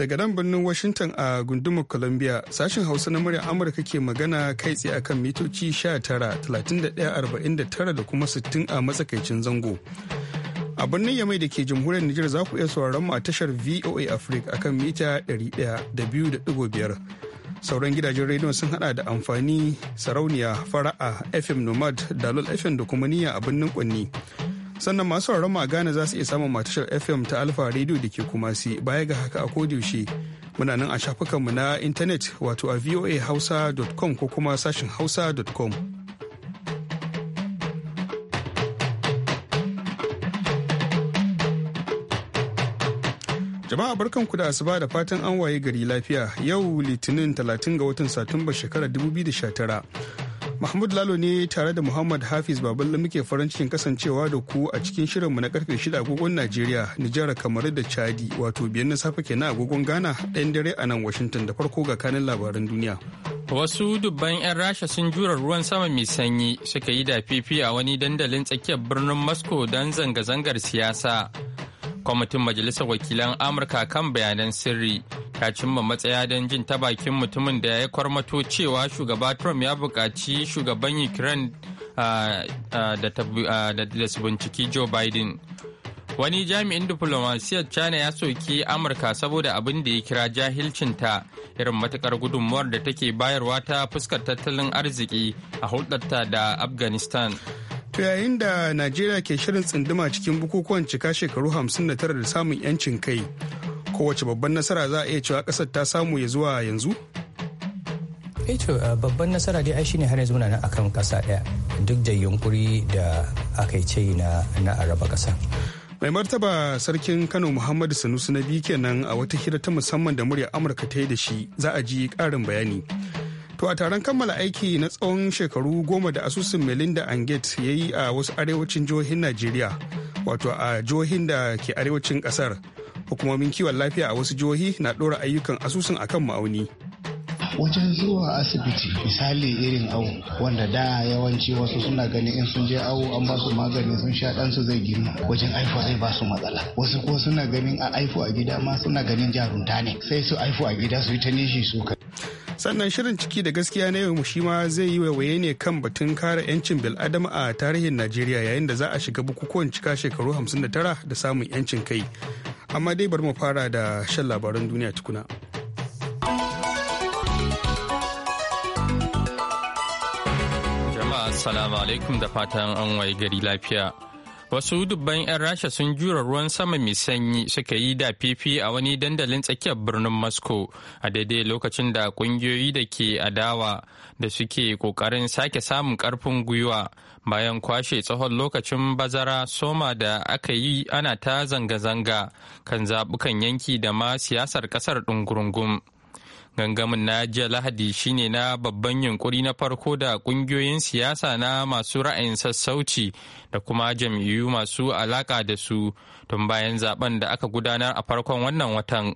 Daga nan birnin Washington a gundumar Columbia sashen Hausa na murya Amurka ke magana kai tsaye akan mitoci 19,31,49 da kuma 60 a matsakaicin zango. A birnin Yamai da ke jamhuriyar Nijar za ku iya sauraron mu a tashar VOA Africa akan mita da 100.5. Sauran gidajen rediyon sun hada da amfani sarauniya fara'a FM Nomad, Dalol FM da kuma niyya a birnin Kwanni. sannan masu sauraron ma Ghana za su iya samun matashar FM ta Alfa Radio da ke Kumasi baya ga haka a kodiyoshi muna nan a shafukanmu na intanet wato a voahausa.com ko kuma sashin hausa.com. Jama'a barkan ku da asuba da fatan an waye gari lafiya yau litinin 30 ga watan Satumba shekarar 2019. Mahmud Lalo ne tare da Muhammad Hafiz Baballe muke farin cikin kasancewa da ku a cikin shirinmu na karfe 6 agogon Najeriya, Nijar kamar da Chadi wato biyan na safe kenan agogon Ghana ɗayan dare a nan Washington da farko ga kanin labaran duniya. Wasu dubban 'yan Rasha sun jura ruwan sama mai sanyi suka yi da fifi a wani dandalin tsakiyar birnin Moscow don zanga-zangar siyasa. kwamitin majalisar wakilan amurka kan bayanan sirri ta cimma matsaya don jin ta bakin mutumin da ya kwarmato cewa shugaba trump ya buƙaci shugaban ukraine da su binciki joe biden wani jami'in diplomasiyar china ya soki amurka saboda abin da ya kira jahilcinta irin matukar gudunmuwar da take bayarwa ta fuskar tattalin arziki a hulɗarta da afghanistan To yayin da Najeriya ke shirin tsunduma cikin bukukuwan cika shekaru 59 da samun 'yancin kai, kowace babban nasara za a iya cewa ƙasar ta samu ya zuwa yanzu? Eh to babban nasara dai aishi shine har yanzu nan akan ƙasa ɗaya duk da yunkuri da aka yi ce na na araba ƙasa. Mai martaba sarkin Kano Muhammadu Sanusi na biyu kenan a wata hira ta musamman da murya Amurka ta yi da shi za a ji karin bayani. To a taron kammala aiki na tsawon shekaru goma da asusun Melinda and Gates ya yi a wasu arewacin jihohin Najeriya, wato a jihohin da ke arewacin kasar. Hukumomin kiwon lafiya a wasu jihohi na ɗora ayyukan asusun akan ma'auni. wajen zuwa asibiti misali irin awo wanda da yawanci wasu suna ganin in sun je awo an ba su magani sun sha dan su zai girma wajen aifo zai ba su matsala wasu ko suna ganin a aifo a gida ma suna ganin jarunta ne sai su aifo a gida su yi ta nishi su kai sannan shirin ciki da gaskiya na yau shi ma zai yi waiwaye ne kan batun kare 'yancin bil'adama a tarihin najeriya yayin da za a shiga bukukuwan cika shekaru 59 da samun 'yancin kai amma dai bari mu fara da shan labaran duniya tukuna jama'a assalamu alaikum da fatan an waye gari lafiya wasu dubban 'yan rasha sun jura ruwan sama mai sanyi suka yi da fifi a wani dandalin tsakiyar birnin moscow a daidai lokacin da kungiyoyi da ke adawa da suke kokarin sake samun karfin gwiwa bayan kwashe tsawon lokacin bazara soma da aka yi ana ta zanga-zanga kan zabukan yanki da ma siyasar ƙasar ɗungurungum. gangamin na jiya lahadi shine na babban yunkuri na farko da kungiyoyin siyasa na masu ra'ayin sassauci da kuma jam'iyyu masu alaka da su tun bayan zaben da aka gudanar a farkon wannan watan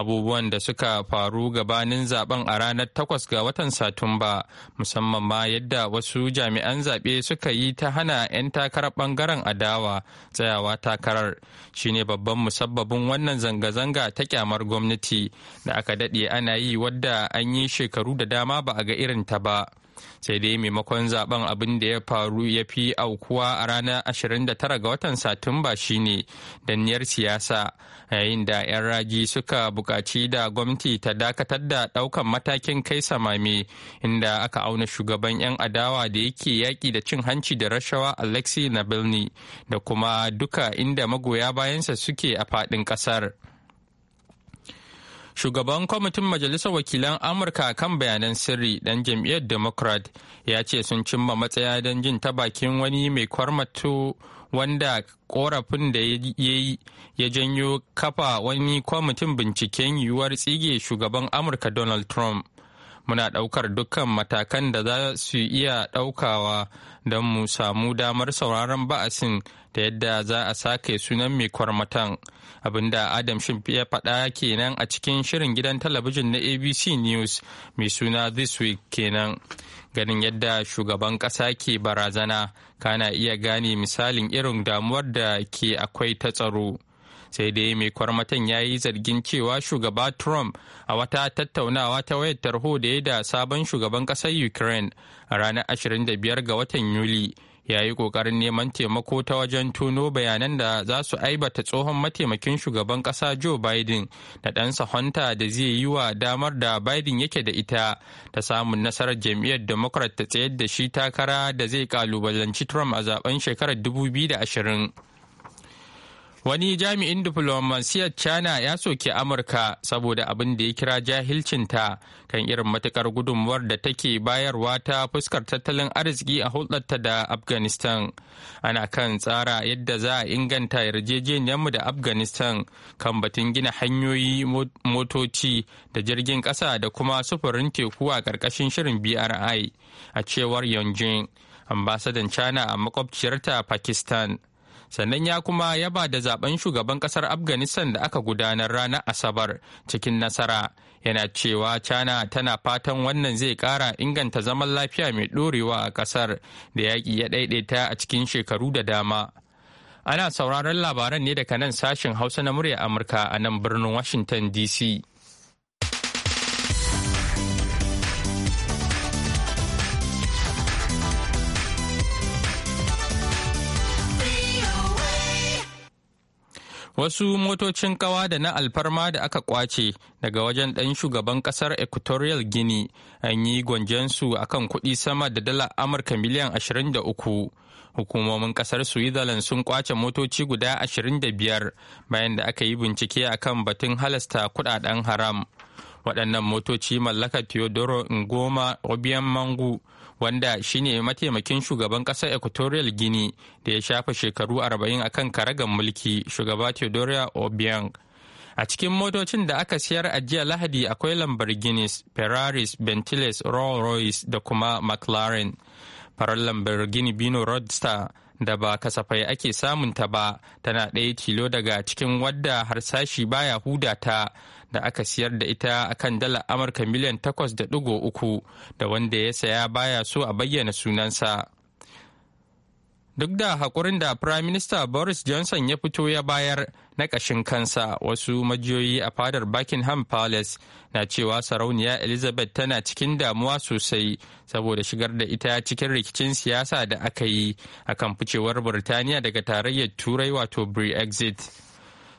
abubuwan da suka faru gabanin zaben a ranar 8 ga watan satumba musamman ma yadda wasu jami'an zaɓe suka yi ta hana 'yan takarar ɓangaren adawa tsayawa takarar shine babban musabbabin wannan zanga-zanga ta kyamar gwamnati da aka daɗe ana yi wadda an yi shekaru da dama ba a ga irin ta ba. sai dai maimakon zaben abin da ya faru ya fi aukuwa a ranar 29 ga watan satumba shine danniyar siyasa yayin da 'yan raji suka buƙaci da gwamnati ta dakatar da ɗaukan matakin kai samame inda aka auna shugaban 'yan adawa da yake yaƙi da cin hanci da rashawa na nabilni da kuma duka inda magoya bayansa suke a faɗin ƙasar. shugaban kwamitin majalisar wakilan amurka kan bayanan sirri dan jam'iyyar democrat ya ce sun cimma matsaya don jin ta bakin wani mai kwarmato wanda korafin da ya yi ya janyo kafa wani kwamitin binciken yiwuwar tsige shugaban amurka donald trump muna ɗaukar dukkan matakan da za su iya ɗaukawa don mu samu damar sauraron ba'asin da yadda za a sake sunan mai kwarmatan abinda adam shimf ya faɗa kenan a cikin shirin gidan talabijin na abc news mai suna this week kenan ganin yadda shugaban ƙasa ke barazana kana iya gane misalin irin damuwar da ke akwai ta tsaro. sai dai mai kwarmatan ya yi zargin cewa shugaba trump a wata tattaunawa ta wayar tarho da ya da sabon shugaban kasar ukraine a ranar 25 ga watan yuli ya yi kokarin neman taimako ta wajen tuno bayanan da za su aibata tsohon mataimakin shugaban kasa joe biden da ɗansa hunter da zai yi wa damar da biden yake da ita ta samun nasarar jam'iyyar democrat ta tsayar da shi takara da zai kalubalanci trump a zaben shekarar 2020 Wani jami'in diflomasiyyar China ya soki Amurka saboda abin da ya kira jahilcinta kan irin matukar gudunmuwar da take bayarwa ta fuskar tattalin arziki a hulɗarta da Afghanistan. Ana kan tsara yadda za a inganta yarjejeniyarmu da Afghanistan kan batun gina hanyoyi motoci da jirgin ƙasa da kuma sufurin teku a ƙarƙashin shirin BRI a cewar Yonjin, ambasadan China a makwabciyarta Pakistan. sannan ya kuma yaba da zaben shugaban kasar afghanistan da aka gudanar ranar asabar cikin nasara yana cewa china tana fatan wannan zai kara inganta zaman lafiya mai ɗorewa a kasar da yaƙi ya ɗaiɗaita a cikin shekaru da dama ana sauraron labaran ne daga nan sashen hausa na murya amurka a nan birnin washington dc Wasu motocin kawa da na alfarma da aka kwace daga wajen ɗan shugaban ƙasar Equatorial Guinea an yi gwanjensu a kan kuɗi sama da dala Amurka miliyan 23. Hukumomin ƙasar Switzerland sun kwace motoci guda 25 bayan da aka yi bincike a kan batun halasta kuɗaɗen haram. Waɗannan motoci mallakar Teodoro Ngoma Obiang Mangu wanda shine mataimakin shugaban ƙasar equatorial guinea da ya shafa shekaru 40 akan karagan mulki shugaba theodoria obiang a cikin motocin da aka siyar a jiya lahadi akwai lambar lamborghinis ferraris bentiles rolls royce da kuma mclaren farar lamborghini bino roadster da ba kasafai ake samunta ba tana ɗaya tilo daga cikin wadda harsashi baya huda ta da aka siyar da ita akan dalar amurka miliyan takwas da uku da wanda ya saya baya so a bayyana sunansa duk da haƙurin da prime minister boris johnson ya fito ya bayar na ƙashin kansa wasu majiyoyi a fadar buckingham palace na cewa sarauniya elizabeth tana cikin damuwa sosai saboda shigar da ita cikin rikicin siyasa da aka yi akan ficewar birtaniya daga tarayyar turai wato brexit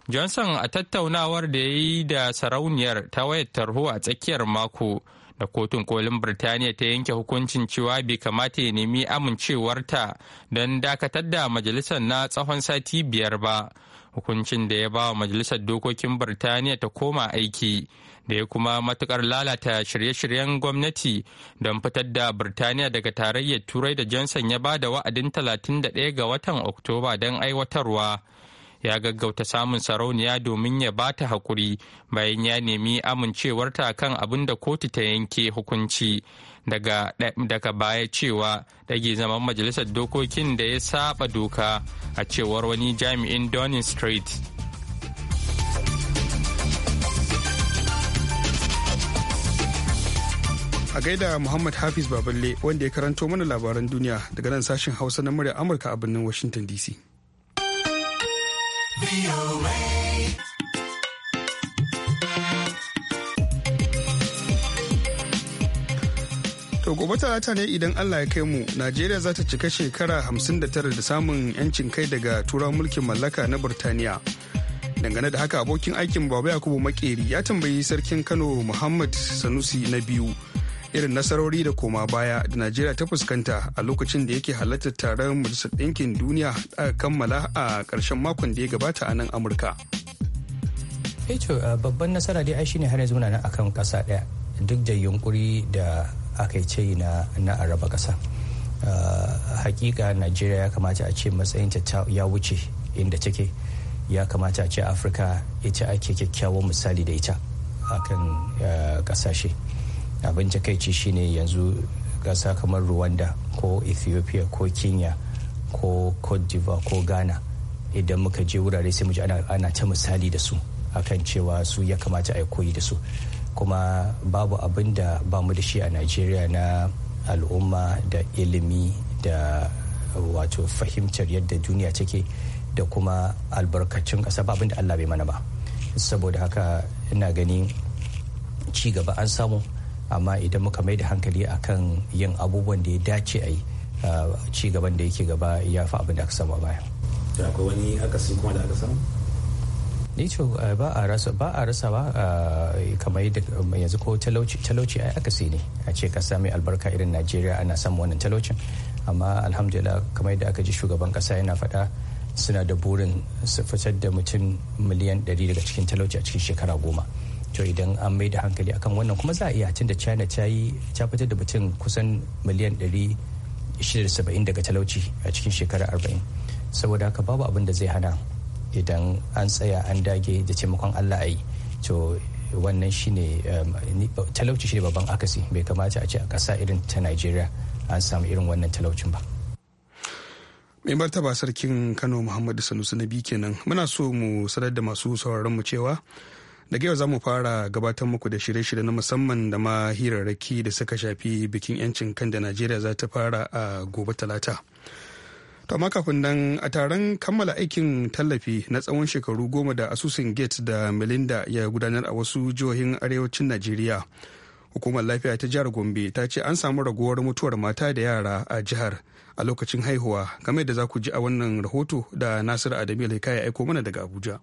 johnson a tattaunawar da ya yi da sarauniyar ta wayar tarho a tsakiyar mako da kotun kolin birtaniya ta yanke hukuncin cewa bai kamata ya nemi amincewarta don dakatar da majalisar na tsawon sati biyar ba hukuncin da ya ba wa majalisar dokokin birtaniya ta koma aiki da ya kuma matukar lalata shirye-shiryen gwamnati don fitar da birtaniya daga tarayyar turai da johnson ya ba da wa'adin 31 ga watan oktoba don aiwatarwa ya gaggauta samun sarauniya domin ya ba ta haƙuri bayan ya nemi amincewarta kan abin da kotu ta yanke hukunci daga, daga baya cewa dage zaman majalisar dokokin da ya saba doka a cewar wani jami'in downing street a gaida muhammad hafiz baballe wanda ya karanto mana labaran duniya daga nan sashen hausa na murya amurka a birnin washington dc To gobe talata ne idan Allah ya kai mu, Najeriya za ta cika shekara 59 da samun 'yancin kai daga turawan mulkin mallaka na Burtaniya. Dangane da haka abokin aikin Baba Yakubu Makeri ya tambayi sarkin Kano Muhammad Sanusi na biyu irin nasarori da koma baya da najeriya ta fuskanta a lokacin da yake halartar taron majalisar ɗinkin duniya aka kammala a ƙarshen makon da ya gabata a nan amurka eh to babban nasara dai ai shine har yanzu muna nan akan ƙasa ɗaya duk da yunkuri da aka yi ce na na araba ƙasa hakika najeriya ya kamata a ce matsayinta ya wuce inda take ya kamata a ce afirka ita ake kyakkyawan misali da ita akan eh, ƙasashe. Uh, abin takaici shine yanzu gasa kamar rwanda ko ethiopia ko kenya ko cote d'ivoire ko ghana idan muka je wurare sai mu ji ana ta misali da su akan cewa su ya kamata a koyi da su kuma babu abin da ba mu da shi a nigeria na al'umma da ilimi da wato fahimtar yadda duniya take da kuma albarkacin ƙasa ba abin da allah bai mana ba saboda haka ina ganin ci gaba an samu amma idan muka mai da hankali akan yin abubuwan da ya dace a yi ci gaban da yake gaba ya fi abin da aka samu baya. wani kuma da aka samu? ni ce ba a rasa ba a rasa ba kamar yadda yanzu ko talauci a ai akasi ne a ce ka sami albarka irin najeriya ana samun wannan talaucin amma alhamdulillah kamar da aka ji shugaban kasa yana faɗa suna da burin su fitar da mutum miliyan ɗari daga cikin talauci a cikin shekara goma. to idan an mai da hankali akan wannan kuma za a iya tun da china ta yi ta fitar da mutum kusan miliyan 670 daga talauci a cikin shekarar 40 saboda haka babu abin da zai hana idan an tsaya an dage da taimakon allah a yi to wannan shine um, talauci shine babban akasi bai kamata a ce a kasa irin ta nigeria an samu irin wannan talaucin ba mai martaba sarkin kano muhammadu sanusi na biyu kenan muna so mu sanar da masu sauraron mu cewa daga yau za mu fara gabatar muku da shirye-shirye na musamman da ma hirarraki da suka shafi bikin 'yancin kan da najeriya za ta fara a gobe talata to amma kafin nan a taron kammala aikin tallafi na tsawon shekaru goma da asusun gate da melinda ya gudanar a wasu jihohin arewacin najeriya hukumar lafiya ta jihar gombe ta ce an samu raguwar mutuwar mata da yara a jihar a lokacin haihuwa game da za ku ji a wannan rahoto da nasiru adamu ya aiko mana daga abuja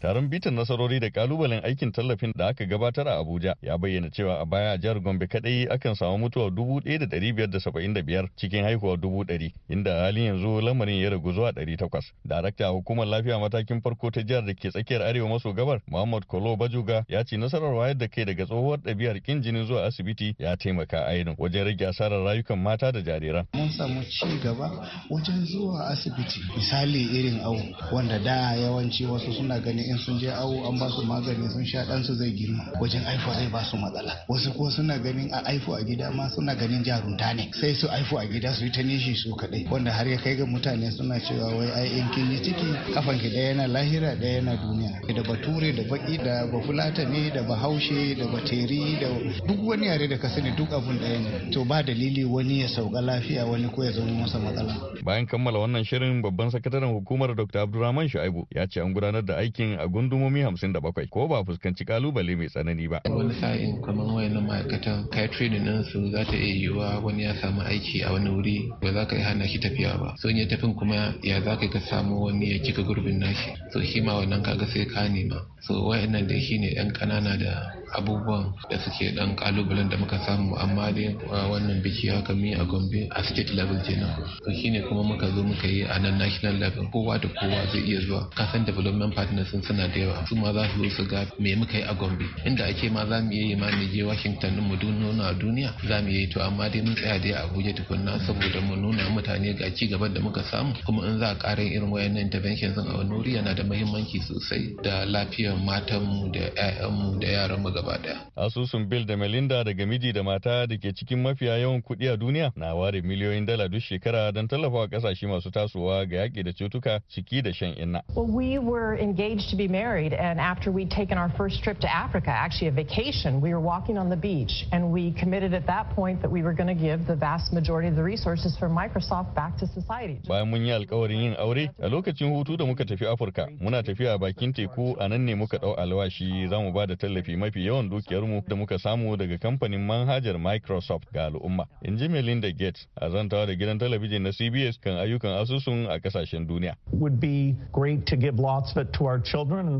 Taron bitan nasarori da kalubalen aikin tallafin da aka gabatar a Abuja ya bayyana cewa a baya a jihar Gombe kadai akan samu mutuwa dubu ɗaya da ɗari biyar da saba'in da biyar cikin haihuwa dubu ɗari inda halin yanzu lamarin ya ragu zuwa ɗari takwas. Darakta hukumar lafiya matakin farko ta jihar da ke tsakiyar arewa maso gabar Muhammad Kolo Bajuga ya ce nasarar wayar da kai daga tsohuwar ɗabi'ar kin jinin zuwa asibiti ya taimaka ainihin wajen rage asarar rayukan mata da jariran. Mun samu ci gaba wajen zuwa asibiti misali irin au wanda da yawanci wasu suna ganin in sun je awo an ba su magani sun sha dan su zai girma wajen aifo zai ba su matsala wasu ko suna ganin a aifo a gida ma suna ganin jarunta ne sai su aifo a gida su yi ta nishi su kaɗai wanda har ya kai ga mutane suna cewa wai ai in kin yi ciki kafan ki daya yana lahira daya yana duniya da bature da baki da bafulata ne da bahaushe da bateri da duk wani yare da ka sani duk abun daya ne to ba dalili wani ya sauka lafiya wani ko ya zama masa matsala bayan kammala wannan shirin babban sakataren hukumar dr abdulrahman shu'aibu ya ce an gudanar da aikin a gundumomi 57 ko ba fuskanci kalubale mai tsanani ba. Wani sa'in kamar wayannan ma'aikatan kai training nan su za ta iya yiwuwa wani ya samu aiki a wani wuri ba za ka yi hana shi tafiya ba. So ya tafin kuma ya za ka samu wani ya kika gurbin nashi. So shi ma wannan kaga sai ka nema. So wayannan da shi ne 'yan ƙanana da abubuwan da suke dan kalubalen da muka samu amma dai wannan biki haka mi a gombe a state level kenan to shine kuma muka zo muka yi a nan national level kowa da kowa zai iya zuwa kasan development partners sun suna da yawa su ma za su zo su ga me muka yi a gombe inda ake ma za mu iya yi ma mu je washington mu nuna duniya za mu yi to amma dai mun tsaya dai a abuja tukunna saboda mu nuna mutane ga ci gaban da muka samu kuma in za a ƙara irin wayannan interventions a wani yana da muhimmanci sosai da lafiyar matanmu da 'ya'yanmu da yaranmu gaba daya. asusun bill da melinda daga miji da mata da ke cikin mafiya yawan kuɗi a duniya na ware miliyoyin dala duk shekara don tallafawa ƙasashe masu tasowa ga yaƙi da cutuka ciki da shan inna. we were be married, and after we'd taken our first trip to Africa, actually a vacation, we were walking on the beach, and we committed at that point that we were going to give the vast majority of the resources from Microsoft back to society. Bayan mun yi yin aure, a lokacin hutu da muka tafi Afirka, muna tafiya bakin teku a nan ne muka alwashi za mu ba da tallafi mafi yawan dukiyarmu da muka samu daga kamfanin manhajar Microsoft ga al'umma. In ji Melinda Gates, a zantawa da gidan talabijin na CBS kan ayyukan asusun a duniya. Would be great to give lots of it to our children. children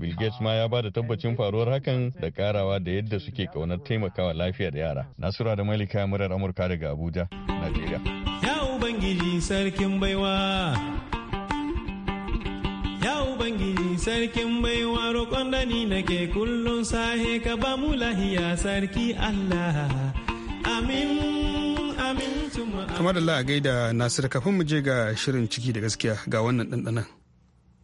Bill Gates ma ya ba da tabbacin uh, faruwar hakan da karawa da yadda suke kaunar taimakawa lafiyar yara. Nasura da Malika murar Amurka daga Abuja, Najeriya. Ya Ubangiji sarkin baiwa. Ya Ubangiji sarkin baiwa roƙon da nake kullum sahe ka ba mu lahiya sarki Allah. Amin. Amin. Kamar da la'a gaida Nasir kafin mu je ga shirin ciki da gaskiya ga wannan ɗanɗanan.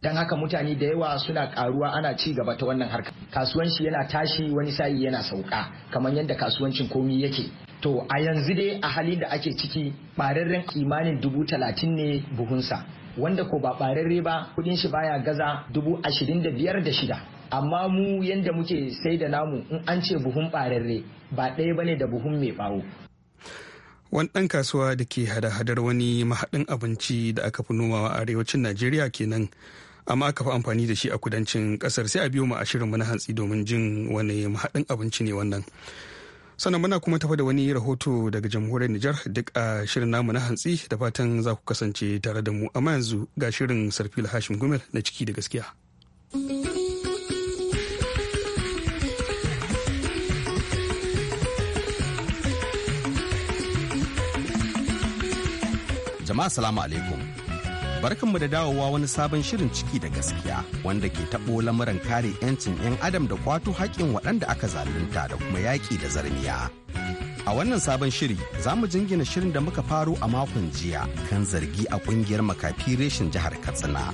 don haka mutane da yawa suna karuwa ana ci gaba ta wannan harka kasuwanci yana tashi wani sa'i yana sauka kamar yadda kasuwancin komi yake to a yanzu dai a halin da ake ciki ɓararren kimanin dubu talatin ne buhunsa wanda ko ba ɓararre ba kudin shi baya gaza dubu ashirin da biyar da shida amma mu yadda muke sai da namu in an ce buhun ɓararre ba ɗaya bane da buhun mai bawo wani ɗan kasuwa da ke hada-hadar wani mahaɗin abinci da aka fi nomawa a arewacin najeriya kenan amma aka fi amfani da shi a kudancin kasar sai a biyo mu a shirin na hantsi domin jin wani mahaɗin abinci ne wannan sannan muna kuma tafa da wani rahoto daga jamhuriyar Nijar duk a shirin namu na hantsi da fatan za ku kasance tare da mu amma yanzu ga shirin sarfil hashim gumel na ciki da gaskiya. Jama'a salamu alaikum. barkanmu da dawowa wani sabon shirin ciki da gaskiya wanda ke taɓo lamuran kare 'yancin 'yan adam da kwato haƙƙin waɗanda aka zalunta da kuma yaƙi da zarmiya. A wannan sabon shiri za mu jingina shirin da muka faro a makon jiya kan zargi a ƙungiyar makafi reshin jihar Katsina.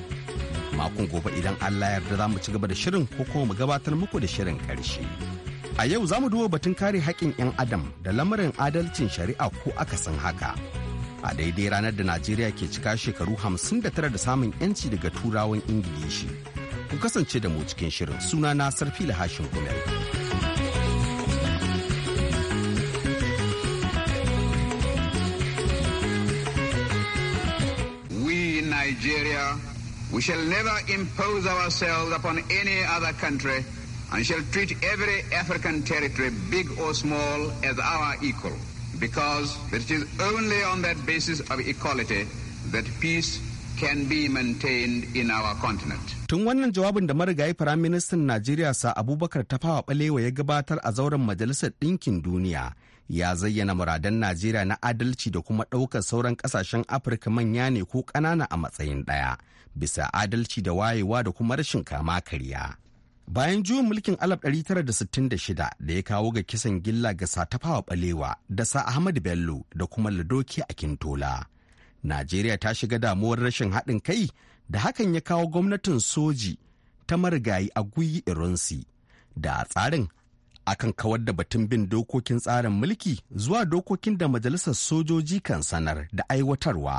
Makon gobe idan Allah yarda za mu ci gaba da shirin ko kuma mu gabatar muku da shirin ƙarshe. A yau za mu duba batun kare haƙƙin 'yan adam da lamarin adalcin shari'a ko akasin haka. a daidai ranar da najeriya ke cika shekaru 59 da samun yanci daga turawan ingilishi ku kasance da mu cikin shirin suna na sarfi hashin kumel we nigeria we shall never impose ourselves upon any other country and shall treat every african territory big or small as our equal because it is only on that basis of equality that peace can be maintained in our continent. Tun wannan jawabin da marigayi Firaministan Najeriya sa Abubakar Tafawa Balewa ya gabatar a zauren Majalisar Ɗinkin Duniya ya zayyana muradan Najeriya na adalci da kuma ɗaukar sauran ƙasashen Afirka manya ne ko ƙanana a matsayin ɗaya bisa adalci da wayewa da kuma rashin kama karya. bayan juyin mulkin 1966 da ya kawo ga kisan gilla ga satafawa balewa da sa ahmad bello da kuma ladoki a kintola najeriya ta shiga damuwar rashin haɗin kai da hakan ya kawo gwamnatin soji ta marigayi a guyi irinsi. da tsarin akan kawar da batun bin dokokin tsarin mulki zuwa dokokin da majalisar sojoji kan sanar da aiwatarwa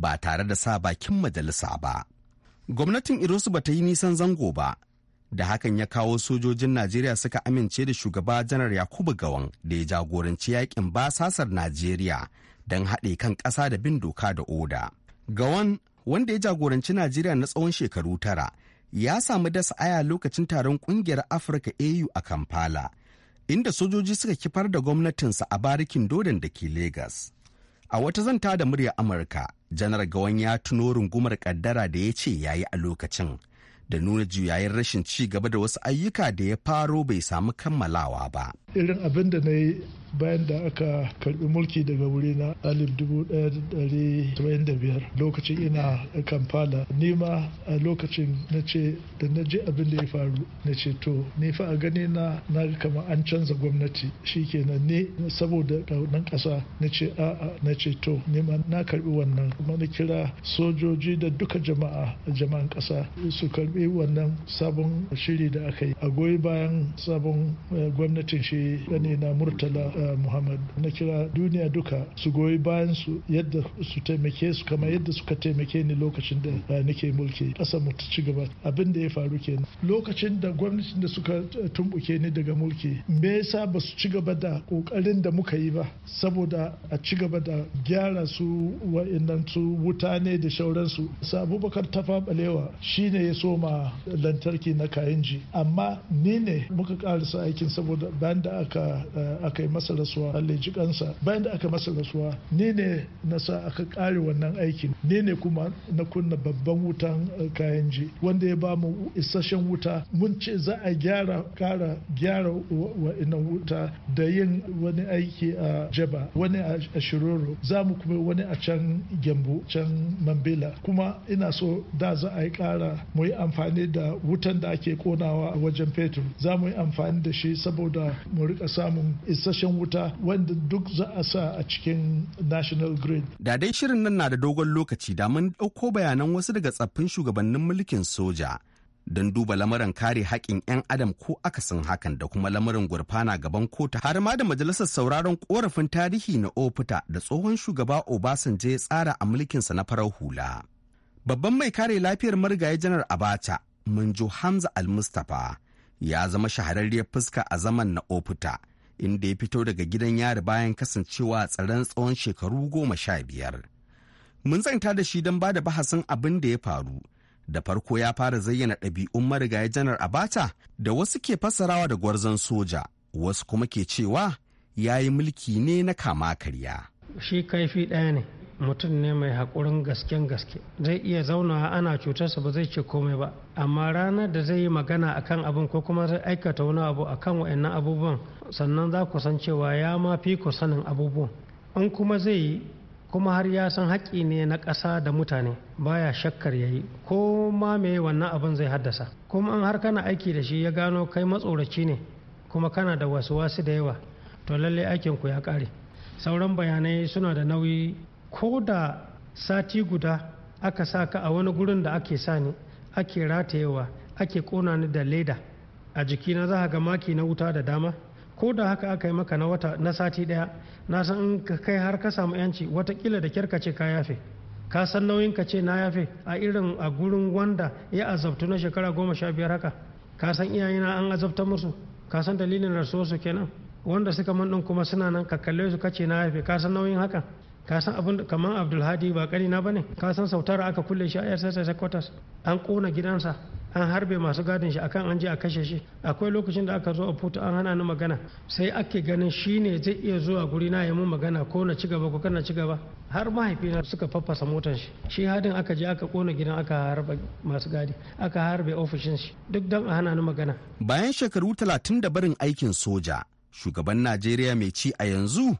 ba tare da sa bakin majalisa ba gwamnatin irosu ba ta yi nisan zango ba da hakan ya kawo sojojin najeriya suka amince da shugaba janar yakubu gawan da ya jagoranci yakin basasar najeriya don haɗe kan ƙasa da bin doka da oda gawan wanda ya jagoranci najeriya na tsawon shekaru tara ya samu dasa aya lokacin taron ƙungiyar afirka au a kampala inda sojoji suka kifar da gwamnatinsa a barikin dodon da ke Legas. a wata zanta da murya amurka janar gawan ya tuno rungumar kaddara da ya ce ya yi a lokacin da nuna juyayen rashin ci gaba da wasu ayyuka da ya faro bai samu kammalawa ba. Irin abin da na yi bayan da aka karbi mulki daga wuri na alif dubu da biyar lokacin ina kamfala nima a lokacin na ce da na ji abin da ya faru na ce to ni fa a gani na na kama an canza gwamnati shikenan ne saboda kaunan kasa na ce a'a na ce to nima na karbi wannan kuma na kira sojoji da duka jama'a jama'an kasa su karbi karbi wannan sabon shiri da aka yi a goyi bayan sabon eh, gwamnatin shi ne na murtala eh, muhammad na kira duniya duka su goyi bayan su yadda su taimake su kama yadda suka taimake ni lokacin da eh, nake mulki kasa mu ta ci gaba abin da ya faru kenan lokacin da gwamnatin da suka tumbuke ni daga mulki me yasa ba su ci gaba da ƙoƙarin da muka yi ba saboda a ci gaba da gyara su wa'annan su wuta ne da shauransu sa abubakar tafa balewa shine ya soma A lantarki na kayanji amma ni ne muka karasa aikin saboda bayan da aka eh, aka yi masa rasuwa Allah kansa bayan da aka masa rasuwa ni ne na sa aka kare wannan aikin ni ne kuma na kunna babban wutan eh, kayanji wanda ya ba mu isasshen wuta mun ce za a gyara kara gyara ina wuta da yin wani aiki a jaba wani a shiroro za mu kuma wani a can gyambo can mambila kuma ina so da za a yi kara mu yi amfani amfani da wutan da ake konawa a wajen fetur za mu yi amfani da shi saboda mu rika samun isasshen wuta wanda duk za a sa a cikin national grid da dai shirin nan na da dogon lokaci da mun ɗauko bayanan wasu daga tsaffin shugabannin mulkin soja don duba lamuran kare haƙƙin 'yan adam ko akasin hakan da kuma lamuran gurfana gaban kota har ma da majalisar sauraron korafin tarihi na ofita da tsohon shugaba obasanjo ya tsara a mulkinsa na farar hula. babban mai kare lafiyar marigayi janar abacha munjo hamza al-mustapha ya zama shahararriyar fuska a zaman na ofuta inda ya fito daga gidan yari bayan kasancewa tsaron tsawon shekaru goma sha biyar mun zanta da shi don ba da bahasin abin da ya faru da farko ya fara zayyana ɗabi'un marigayi janar abacha da wasu ke fassarawa da gwarzon soja wasu kuma ke cewa ya yi mulki ne na kama karya shi kaifi ɗaya ne mutum ne mai haƙurin gasken gaske zai iya zaunawa ana cutarsa ba zai ce komai ba amma ranar da zai yi magana akan abin ko kuma zai aikata wani abu akan wa'annan abubuwan sannan za ku san cewa ya ma fi ku sanin abubuwan in kuma zai yi kuma har ya san haƙƙi ne na ƙasa da mutane baya shakkar ya yi ko ma me wannan abin zai haddasa kuma in har kana aiki da shi ya gano kai matsoraci ne kuma kana da wasu wasu da yawa to lallai aikin ku ya ƙare sauran bayanai suna da nauyi ko da sati guda aka sa ka a wani gurin da ake sani ake ratayewa ake kona ni da leda a jikina za ga maki na wuta da dama ko da haka aka yi maka na wata na sati daya na san in ka kai har ka samu yanci watakila da kyar ka ce ka yafe ka san nauyin ka ce na yafe a irin a gurin wanda ya azabtu na shekara goma sha biyar haka ka san iyayena an azabta musu ka san dalilin rasuwarsu kenan wanda suka man kuma suna nan ka kalle su ka ce na yafe ka san nauyin haka ka san abin kamar abdulhadi ba kanina ba ne ka san sautara aka kulle shi a yar sassa an kona gidansa an harbe masu gadin shi akan an je a kashe shi akwai lokacin da aka zo a futa an hana ni magana sai ake ganin shi ne zai iya zuwa guri na yi mun magana ko na cigaba ko kana cigaba har mahaifina suka faffasa motar shi shi hadin aka je aka kona gidan aka harbe masu gadi aka harbe ofishin shi duk don a hana ni magana bayan shekaru talatin da barin aikin soja shugaban najeriya mai ci a yanzu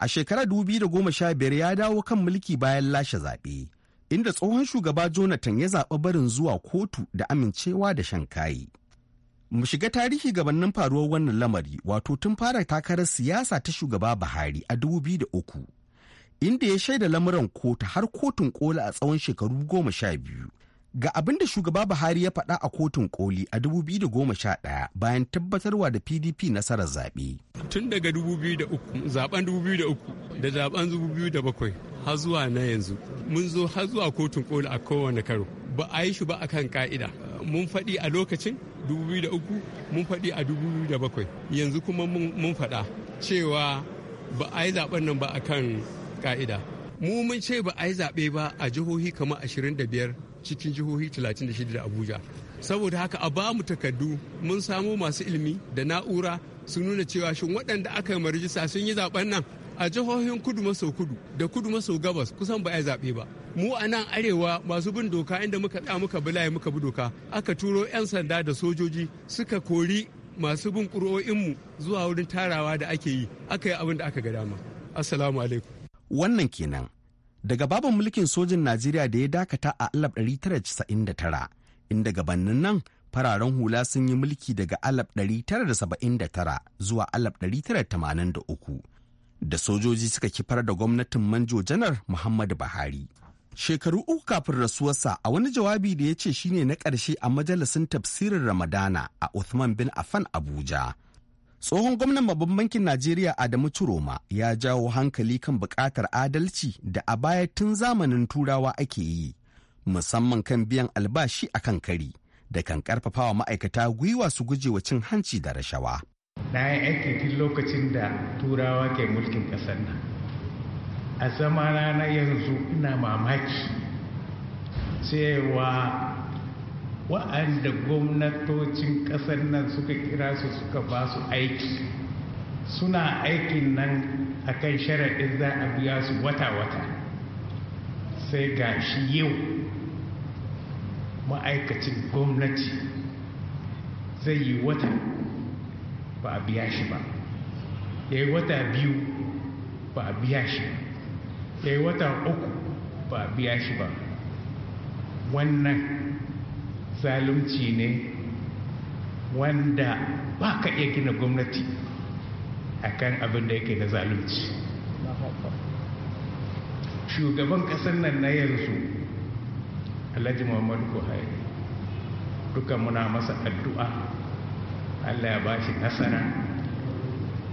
a shekarar 2015 ya dawo kan mulki bayan lashe zaɓe inda tsohon shugaba jonathan ya zaɓi barin zuwa kotu da amincewa da shan kayi mu shiga tarihi gabanin faruwar wannan lamari wato tun fara takarar siyasa ta shugaba buhari a 2003 inda ya shaida lamuran kotu har kotun kola a tsawon shekaru goma sha biyu Ga abin da shugaba Buhari ya faɗa a kotun koli a 2011 bayan tabbatarwa da PDP nasarar zaɓe. Tun daga 2003, zaben 2003 da zaben 2007 har zuwa na yanzu, mun zo har zuwa kotun koli a kowane karo. Ba a yi shi ba akan ka'ida. Mun faɗi a lokacin 2003, mun faɗi a 2007, yanzu kuma mun faɗa cewa ba a yi zaben nan ba akan ka'ida. mu mun ce ba a yi zaɓe ba a jihohi kamar 25 cikin jihohi 36 da abuja saboda haka a bamu takardu mun samo masu ilimi da na'ura sun nuna cewa shin waɗanda aka yi marijista sun yi zaɓen nan a jihohin kudu maso kudu da kudu maso gabas kusan ba a zaɓe ba mu a nan arewa masu bin doka inda muka tsaya muka bi layi muka bi doka aka turo 'yan sanda da sojoji suka kori masu bin mu zuwa wurin tarawa da ake yi aka yi abin da aka ga dama assalamu alaikum wannan kenan daga babin mulkin sojin najeriya da ya dakata a 1999 inda gabanin nan fararen hula sun yi mulki daga 1979 zuwa 1983 da sojoji suka kifar da gwamnatin manjo janar muhammadu buhari shekaru uku kafin rasuwarsa a wani jawabi da ya ce shine na ƙarshe a majalisin tafsirin ramadana a Uthman bin Affan Abuja Tsohon gwamnan babban bankin Najeriya Adamu Ciroma ya jawo hankali kan buƙatar adalci da a baya tun zamanin turawa ake yi, musamman kan biyan albashi a kan kari da kan ƙarfafawa ma'aikata gwiwa su gujewa cin hanci da rashawa. Na yi aiki tun lokacin da turawa ke mulkin ƙasar nan. A zamana na yanzu ina mamaki cewa wa'anda gwamnatocin ƙasar nan suka kira su suka ba su aiki suna aikin nan akan sharaɗin za a biya su wata-wata sai ga shi yau ma'aikacin gwamnati zai yi wata ba a biya shi ba ya yi wata biyu ba a biya shi ya yi wata uku ba a biya shi ba wannan zalunci ne wanda ba ka iya gina gwamnati a kan abin da yake da zalunci shugaban kasar nan na yanzu alhaji muhammadu buhari duka muna masa addu'a allah ya bashi nasara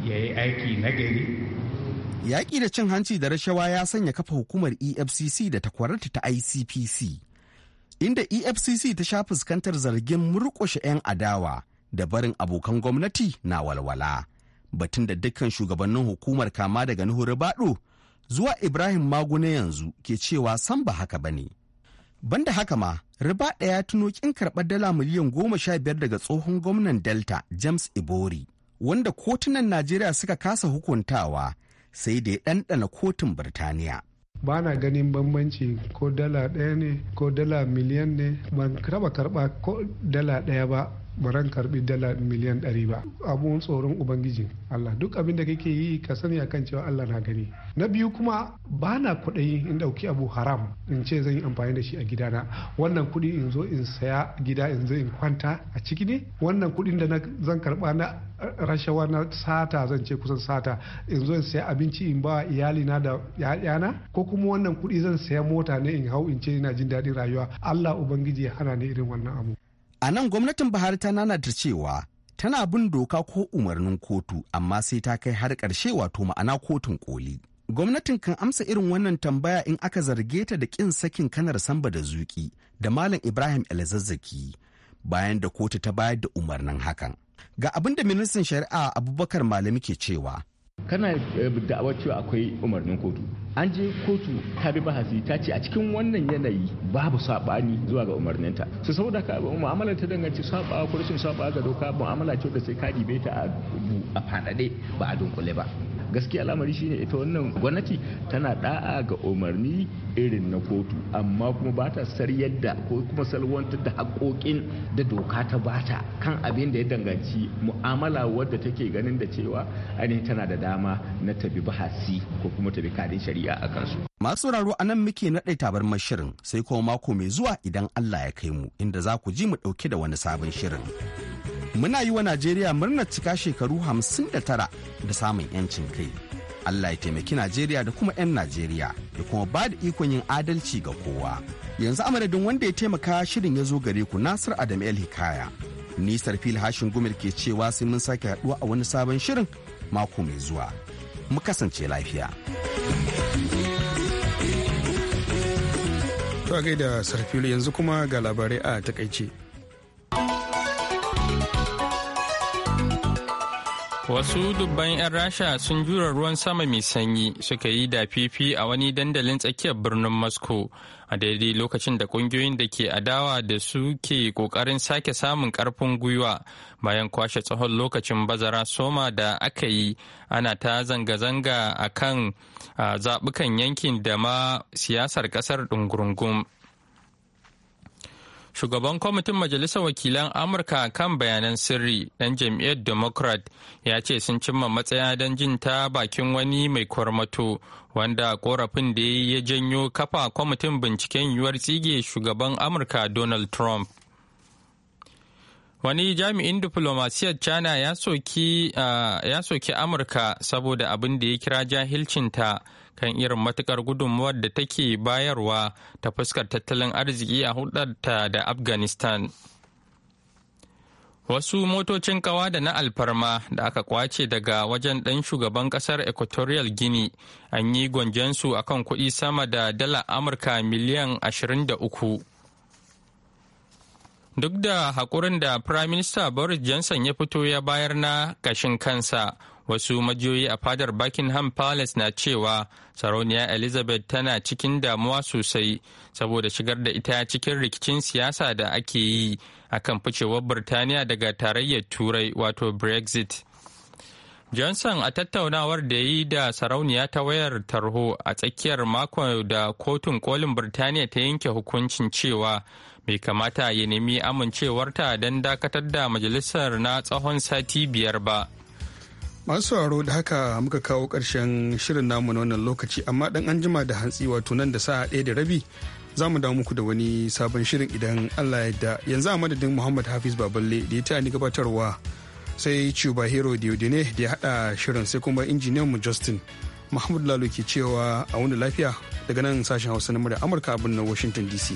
ya yi aiki nagari yaƙi da cin hanci da rashawa ya sanya kafa hukumar efcc da takwararta ta icpc inda efcc ta sha fuskantar zargin murƙushe 'yan adawa da barin abokan gwamnati na walwala batun da dukkan shugabannin hukumar kama daga nuhu ribado zuwa ibrahim maguna yanzu ke cewa san ba haka ba ne banda haka ma riba ɗaya tuno kin karɓar dala miliyan goma sha biyar daga tsohon gwamnan delta james ibori wanda kotunan najeriya suka kasa hukuntawa sai da ya ɗanɗana kotun birtaniya ba na ganin bambanci ko dala ɗaya ne ko dala miliyan ne ban taba karba ko dala ɗaya ba baran karbi dala miliyan ɗari ba abun tsoron ubangiji Allah duk abin da kake yi ka sani akan cewa Allah na gani na biyu kuma ba na kuɗi in ɗauki abu haram in ce zan yi amfani da shi a gida na wannan kuɗi in zo in saya gida in zo in kwanta a ciki ne wannan kuɗin da na zan karba na rashawa na sata zan ce kusan sata in zo in saya abinci in ba na da ‘ya'yana ko kuma wannan kuɗi zan saya mota ne in hau in ce ina jin daɗin rayuwa Allah Ubangiji ya hana ni irin wannan abu. A nan gwamnatin Buhari ta nana nanata cewa tana bin doka ko umarnin kotu amma sai ta kai har ƙarshe wato ma'ana kotun koli. Gwamnatin kan amsa irin wannan tambaya in aka zarge ta da ƙin sakin kanar samba da zuki da Malam Ibrahim Elzazzaki bayan da kotu ta bayar da umarnin hakan. Ga abin da ministan shari'a Abubakar Malami ke cewa kana eh, da cewa akwai umarnin kotu an je kotu ta bi bahasi ta ce a cikin wannan yanayi babu sabani zuwa ga umarninta su saboda ka mu'amalar ta danganci saba ko rashin saba ga doka mu'amala ce da sai ka dibe ta a faɗaɗe ba a dunkule ba gaskiya lamari shine ita wannan gwamnati tana da'a ga umarni irin na kotu amma kuma ba ta sar yadda ko kuma salwantar da haƙoƙin da doka ta bata kan abin da ya danganci mu'amala wadda take ganin da cewa ainihin tana da dama na tabi bahasi ko kuma tabi kadin shari'a a kansu. Masu sauraro a nan muke naɗe tabar shirin sai kuma mako mai zuwa idan Allah ya kai mu inda za ku ji mu ɗauke da wani sabon shirin. muna yi wa najeriya murnar cika shekaru 59 da samun 'yancin kai allah ya taimaki najeriya da kuma 'yan najeriya da kuma ba da ikon yin adalci ga kowa yanzu amadadin wanda ya taimaka shirin ya zo gare ku nasir adam el hikaya nisar fil hashin gumil ke cewa sai mun sake haɗuwa a wani sabon shirin mako mai zuwa mu kasance lafiya to gaida sarfilu yanzu kuma ga labarai a takaice Wasu dubban 'yan Rasha sun jura ruwan sama mai sanyi suka yi da fifi a wani dandalin tsakiyar birnin Moscow a daidai lokacin da kungiyoyin da ke adawa da su ke kokarin sake samun karfin gwiwa bayan kwashe tsawon lokacin bazara soma da aka yi ana ta zanga-zanga a kan zaɓukan yankin da ma siyasar ƙasar ɗungurungun. shugaban kwamitin majalisar wakilan amurka kan bayanan sirri dan jam'iyyar democrat ya ce sun cimma matsaya don jin ta bakin wani mai kwarmato wanda korafin da ya janyo kafa kwamitin binciken yiwuwar tsige shugaban amurka donald trump Wani jami'in diflomasiyyar China ya soki Amurka saboda abin da ya kira jahilcinta kan irin matukar gudunmuwar da take bayarwa ta fuskar tattalin arziki a hudarta da Afghanistan. Wasu motocin kawa da na alfarma da aka kwace daga wajen ɗan shugaban ƙasar Equatorial Guinea an yi gwanjensu akan kuɗi sama da dala Amurka miliyan 23. Duk da haƙurin da Prime Minister Boris Johnson ya fito ya bayar na ƙashin kansa, wasu majiyoyi a fadar Buckingham Palace na cewa sarauniya Elizabeth tana cikin damuwa sosai saboda shigar da ita cikin rikicin siyasa da ake yi a kan ficewar Birtaniya daga tarayyar Turai wato Brexit. Johnson a tattaunawar da yi da sarauniya ta wayar tarho a tsakiyar mako da kotun kolin Birtaniya ta yanke hukuncin cewa bai kamata ya nemi amincewarta don dakatar da majalisar na tsawon sati biyar ba masu aro da haka muka kawo ƙarshen shirin namu na wannan lokaci amma dan an jima da hantsi wato nan da sa'a ɗaya da rabi za mu dawo muku da wani sabon shirin idan allah ya yadda yanzu a madadin muhammad hafiz baballe da ya ta ni gabatarwa sai cuba hero diodine da ya haɗa shirin sai kuma injiniyan mu justin muhammad lalo ke cewa a wani lafiya daga nan sashen hausa na murya amurka abin na washington dc